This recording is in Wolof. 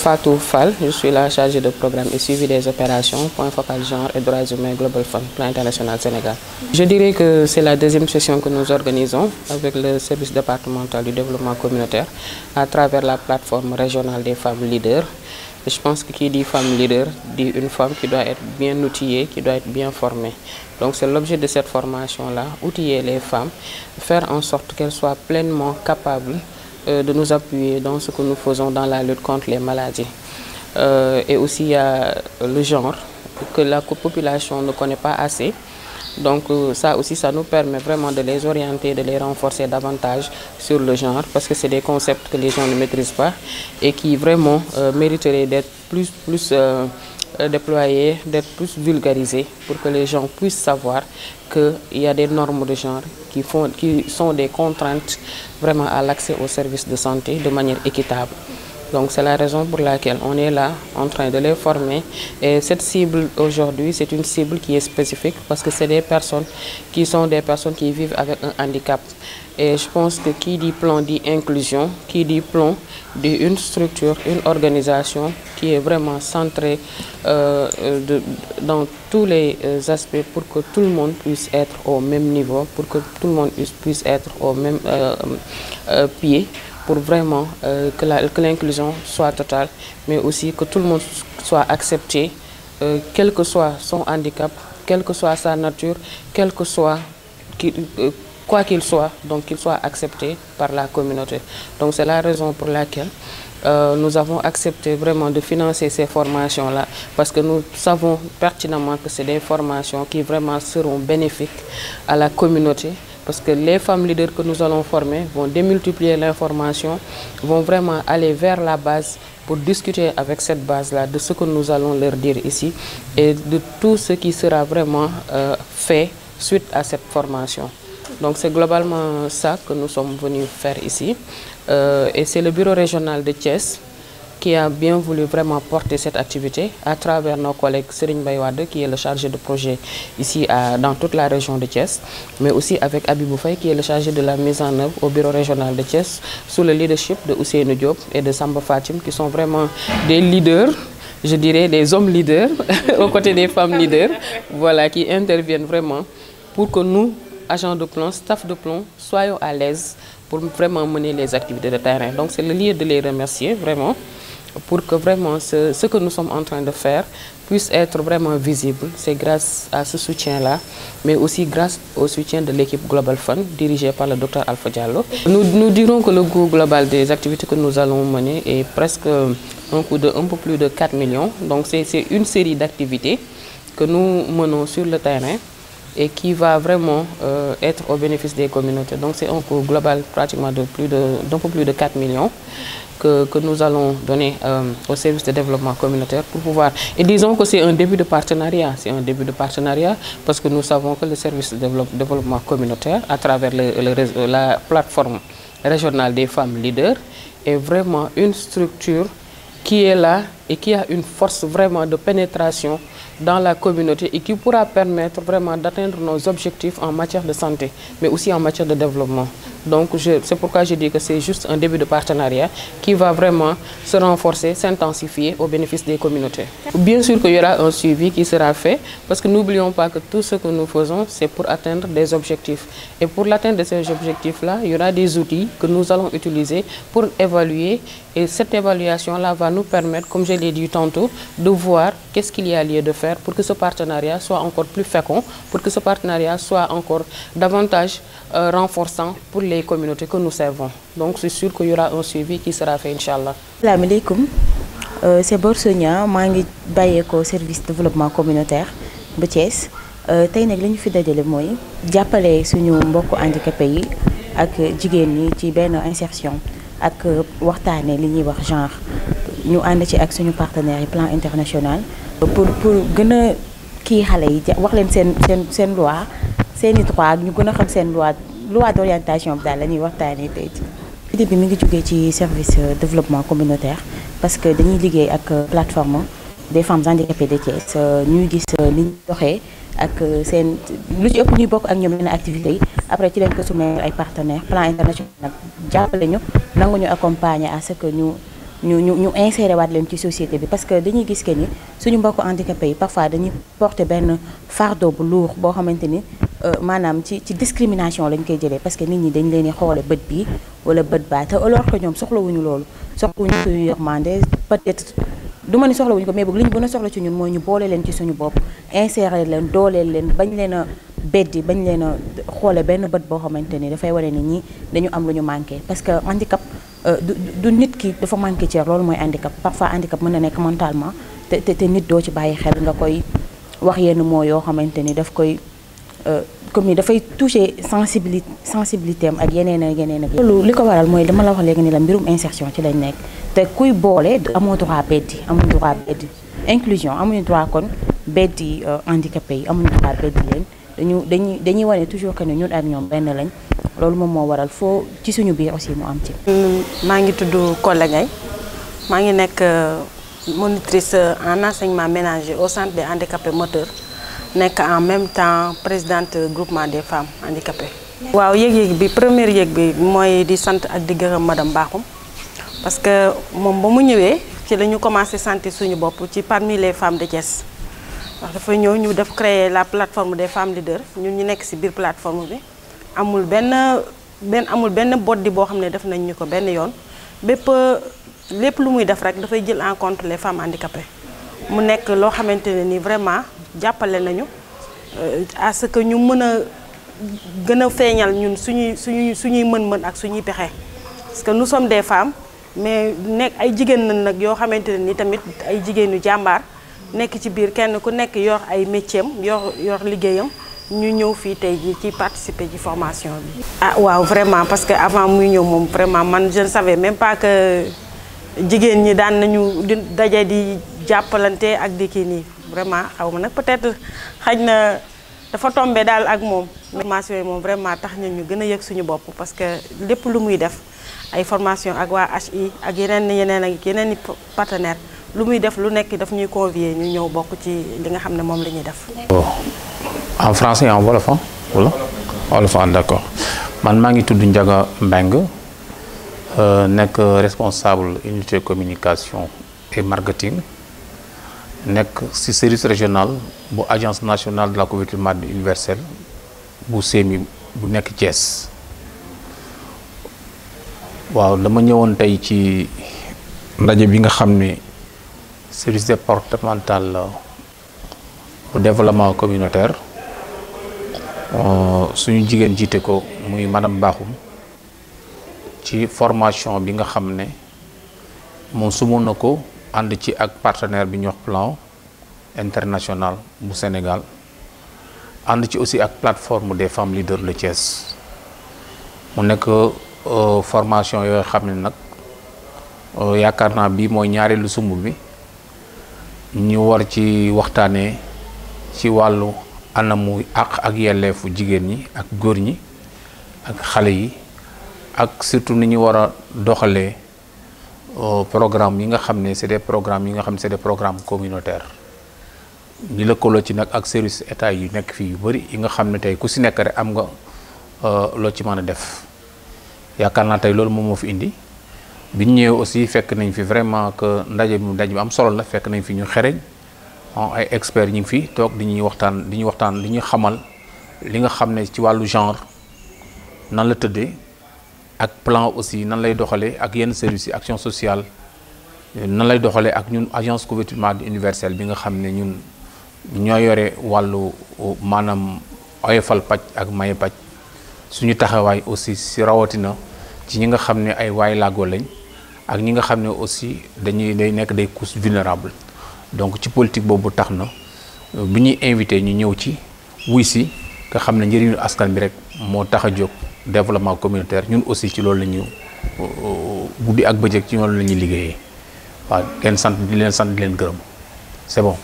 Fatou Fall, je suis la chargée de programme et suivi des opérations, point focal genre et droits humains Global Fund, plan international Sénégal. Je dirais que c'est la deuxième session que nous organisons avec le service départemental du développement communautaire à travers la plateforme régionale des femmes leaders. Je pense que qui dit femme leader dit une femme qui doit être bien outillée, qui doit être bien formée. Donc c'est l'objet de cette formation-là, outiller les femmes, faire en Euh, de nous appuyer dans ce que nous faisons dans la lutte contre les maladies. Euh, et aussi, il y le genre que la population ne connaît pas assez. Donc euh, ça aussi, ça nous permet vraiment de les orienter, de les renforcer davantage sur le genre, parce que c'est des concepts que les gens ne maîtrisent pas et qui vraiment mériteraient d'être plus, plus Euh, déployer, d'être plus vulgarisé pour que les gens puissent savoir qu'il y a des normes de genre qui, font, qui sont des contraintes vraiment à l'accès aux services de santé de manière équitable. Donc c'est la raison pour laquelle on est là en train de les former. Et cette cible aujourd'hui, c'est une cible qui est spécifique parce que c'est des personnes qui sont des personnes qui vivent avec un handicap. Et je pense que qui dit plan dit inclusion, une structure, une organisation qui est vraiment centrée euh, de, dans tous les euh, aspects pour que tout le monde puisse être au même niveau, pour que tout le monde puisse être au même euh, euh pied pour vraiment euh, que l'inclusion que soit totale, mais aussi que tout le monde soit accepté, euh, quel que soit son handicap, quelle que soit sa nature, quel que soit qu euh, soit, donc qu'il soit accepté par la communauté. Donc c'est la raison pour laquelle euh, nous avons accepté vraiment de financer ces formations-là parce que nous savons pertinemment que c'est des formations qui vraiment seront bénéfiques à la communauté parce que les femmes leaders que nous allons former vont démultiplier l'information, vont vraiment aller vers la base pour discuter avec cette base-là de ce que nous allons leur dire ici et de tout ce qui sera vraiment euh, fait suite à cette formation. Donc c'est globalement ça que nous sommes venus faire ici. Euh, et c'est le bureau régional de Thiès qui a bien voulu vraiment porter cette activité à travers nos collègues Serigne Bayouade, qui est le chargé de projet ici à, dans toute la région de Thiès, mais aussi avec Abibou Faye, qui est le chargé de la mise en œuvre au bureau régional de Thiès, sous le leadership de Ousseynou Diop et de Samba Fatim, qui sont vraiment des leaders je dirais, des hommes leaders, aux côté des femmes leaders, voilà, qui interviennent vraiment pour que nous, agents de plomb, staff de plomb, pour vraiment mener les activités de terrain. Donc c'est le lieu de les remercier vraiment pour que vraiment ce, ce, que nous sommes en train de faire puisse être vraiment visible. C'est grâce à ce soutien-là, mais aussi grâce au soutien de l'équipe Global Fund dirigée par le docteur Alpha Diallo. Nous, nous dirons que le coût global des activités que nous allons mener est presque un coût de un peu plus de 4 millions. Donc c'est une série d'activités que nous menons sur le terrain et qui va vraiment euh, être au bénéfice des communautés. Donc c'est un coût global pratiquement de plus de, millions que, que nous allons donner euh, au service de développement communautaire pour pouvoir... Et disons que c'est un début de partenariat, c'est un début de partenariat parce que nous savons que le service de développement communautaire, à travers le, le, la plateforme régionale des femmes leaders, est vraiment une structure qui est là et qui a une force vraiment de pénétration dans la communauté et qui pourra permettre vraiment d'atteindre nos objectifs en matière de santé, mais aussi en matière de développement. Donc c'est pourquoi je dis que c'est un début de partenariat qui va vraiment se renforcer, s'intensifier au bénéfice des communautés. Bien sûr qu'il y aura un suivi qui sera fait, parce que n'oublions pas que tout ce que nous faisons, c'est pour atteindre des objectifs. Et pour de ces objectifs-là, il y aura des outils que nous allons pour évaluer. Et cette l'ai dit tantôt, de voir quest de faire pour que ce partenariat soit encore plus fécond, pour que ce partenariat soit encore davantage euh, renforçant pour les communautés que nous servons. Donc c'est sûr qu'il y aura un suivi qui sera fait, Inch'Allah. Salam alaikum, euh, c'est Borsonia, je suis au service de développement communautaire de euh, tey nag li ñu fi dajale mooy jàppale suñu mbokk handicapé yi ak jigéen ñi ci benn insertion ak waxtaane li ñuy wax genre ñu ànd ci ak suñu partenaires yi plan international. pour pour gën a kii xale yi wax leen seen seen seen loi seen i droit ñu gën a xam seen loi loi d' orientation bi daal la ñuy waxtaanee tey ci bi mu ngi jógee ci service euh, développement communautaire parce que dañuy liggéey ak euh, plateforme des femmes handicapées de Thiès euh, ñuy gis ni ñu doxee ak seen lu ci ëpp ñuy bokk ak ñoom yenn activités yi après ci leen ko soumettre ay partenaires plan international nag jàppale ñu nangu à ñu ñu ñu insérer leen ci société bi parce que dañuy gis que ni suñu mbokku handicapé yi parfois dañuy porter benn fardeau bu luux boo xamante ni euh, maanaam ci ci discrimination lañ koy jëlee parce que nit ñi dañ leen di xoole bët bi wala bët baa te alors que ñoom soxlawuñu loolu soxlawuñu suñu yërmande peut-être du ma ni soxlawuñu ko mais boog li ñu gën soxla ci ñun mooy ñu boole leen ci suñu bopp insérer leen dooleel leen bañ leen a beddi bañ leen a xoole benn bët boo xamante ni dafay wane ni ñi dañu am lu ñu manqué parce que handicap euh, du nit ki dafa manqué ceer loolu mooy handicap parfois handicap mën na nekk mentalement te te nit doo ci bàyyi xel nga koy wax yenn moo yoo xamante ni daf koy euh, comme ni dafay toucher sensibilité sensibilité am ak yeneen ak yeneen ak loolu li ko waral mooy dama la wax léegi ni la mbirum insertion ci lañ nekk te kuy boole amoo droit beddi amuñu droit beddi inclusion amuñu droit kon beddi euh, yi amuñu droit beddi leen dañu dañuy dañuy wane toujours que ne ñun ak ñoom benn lañ loolu moom moo waral foo ci suñu biir aussi mu am ci. maa ngi tudd Kolle Ngaye maa ngi nekk euh, monitrice euh, en enseignement ménager au centre des handicapés moteurs nekk en même temps présidente groupement des femmes handicapées. waaw yëg-yëg bi première yëg bi mooy di sant ak di gërëm madame Bakhoum parce que moom ba mu ñëwee ci la ñu commencé santé suñu bopp ci parmi les femmes de Thiès. wax dafa ñëw ñu def créer la plateforme des femmes leaders ñun ñu nekk ci biir plateforme bi amul benn benn amul benn body boo xam ne def nañ ñu ko benn yoon bépp lépp lu muy def rek dafay jël en compte les femmes handicapées mu nekk loo xamante ne ni vraiment jàppale nañu euh, à que ñu mën a gën a feeñal ñun suñuy suñuy suñuy mën-mën ak suñuy pexe parce que nu sommes des femmes mais nekk ay jigéen nañ nag yoo xamante ne ni tamit ay jigéenu jàmbaar nekk ci biir kenn ku nekk yor ay métier yor yor liggéeyam ñu ñëw fii tey jii ci participer ci formation bi. ah waaw vraiment parce que avant muy ñëw moom vraiment man jeune ne savais même que jigéen ñi daan nañu di daje di jàppalante ak di kii nii vraiment xaw ma nag peut-être xaj na dafa tombé daal ak moom. formation yi moom vraiment tax na ñu gën a yëg suñu bopp parce que lépp lu muy def ay formation ak waa HI ak yeneen yeneen ak yeneen i partenaires. lu muy def lu nekk daf ñuy convier ñu ñëw bokk ci li nga xam ne moom la ñuy def. Oh. en français et en wolof ah wala wolof ah d'accord man maa ngi tudd Ndiaga Mbengue euh, nekk responsable unité communication et marketing nekk si service régional bu agence nationale de la couverture bu SEMI bu nekk Thiès waaw dama ñëwoon tey ci ndaje bi nga xam ne. service départemental euh, au développement communautaire euh, suñu jigéen jiite ko muy madame mbaaxum ci formation bi nga xam ne moom sumoon na ko ànd ci ak partenaire bi ñu wax plan international bu Sénégal ànd ci aussi ak plateforme des femmes leaders de Thiès mu nekk euh, formation yooyu xam ne nag yaakaar naa bii mooy ñaareelu sumb bi ñu war ci waxtaanee ci wàllu anamu àq ak yelleefu jigéen ñi ak góor ñi ak xale yi ak surtout ni ñu war a doxalee euh, programme yi nga xam ne c'est des programmes yi nga xam ne c'est des programmes communautaires ñu lëkkaloo ci nag ak service état yu nekk fii yu bëri yi nga xam ne tey ku si nekk rek am nga euh, loo ci mën a def yaakaar naa tey loolu moom moo fi indi bi ñu ñëwee aussi fekk nañ fi vraiment que ndaje bi ndaje bi am solo la fekk nañ fi ñu xereñ ah, ay experts ñu ngi fi toog di ñuy waxtaan di ñu waxtaan di ñuy xamal li nga xam ne ci wàllu genre nan la tëddee ak plan aussi nan lay doxalee ak yenn service yi action sociale nan lay doxalee ak ñun agence couverture universelle bi nga xam ne ñun ñoo yore wàllu maanaam oyofal paj ak maye paj suñu taxawaay aussi si rawatina ci ñi nga xam ne ay waay laago lañ. ak ñi nga xam ne aussi dañuy day nekk day couches vulnérables donc ci politique boobu tax na bi ñuy invité ñu ñëw ci wuy si nga xam ne njëriñu askan bi rek moo tax a jóg développement communautaire ñun aussi ci loolu la ñu guddi ak bëjëk ci loolu la ñuy liggéeyee waaw leen sant di leen sant di leen gërëm c'est bon.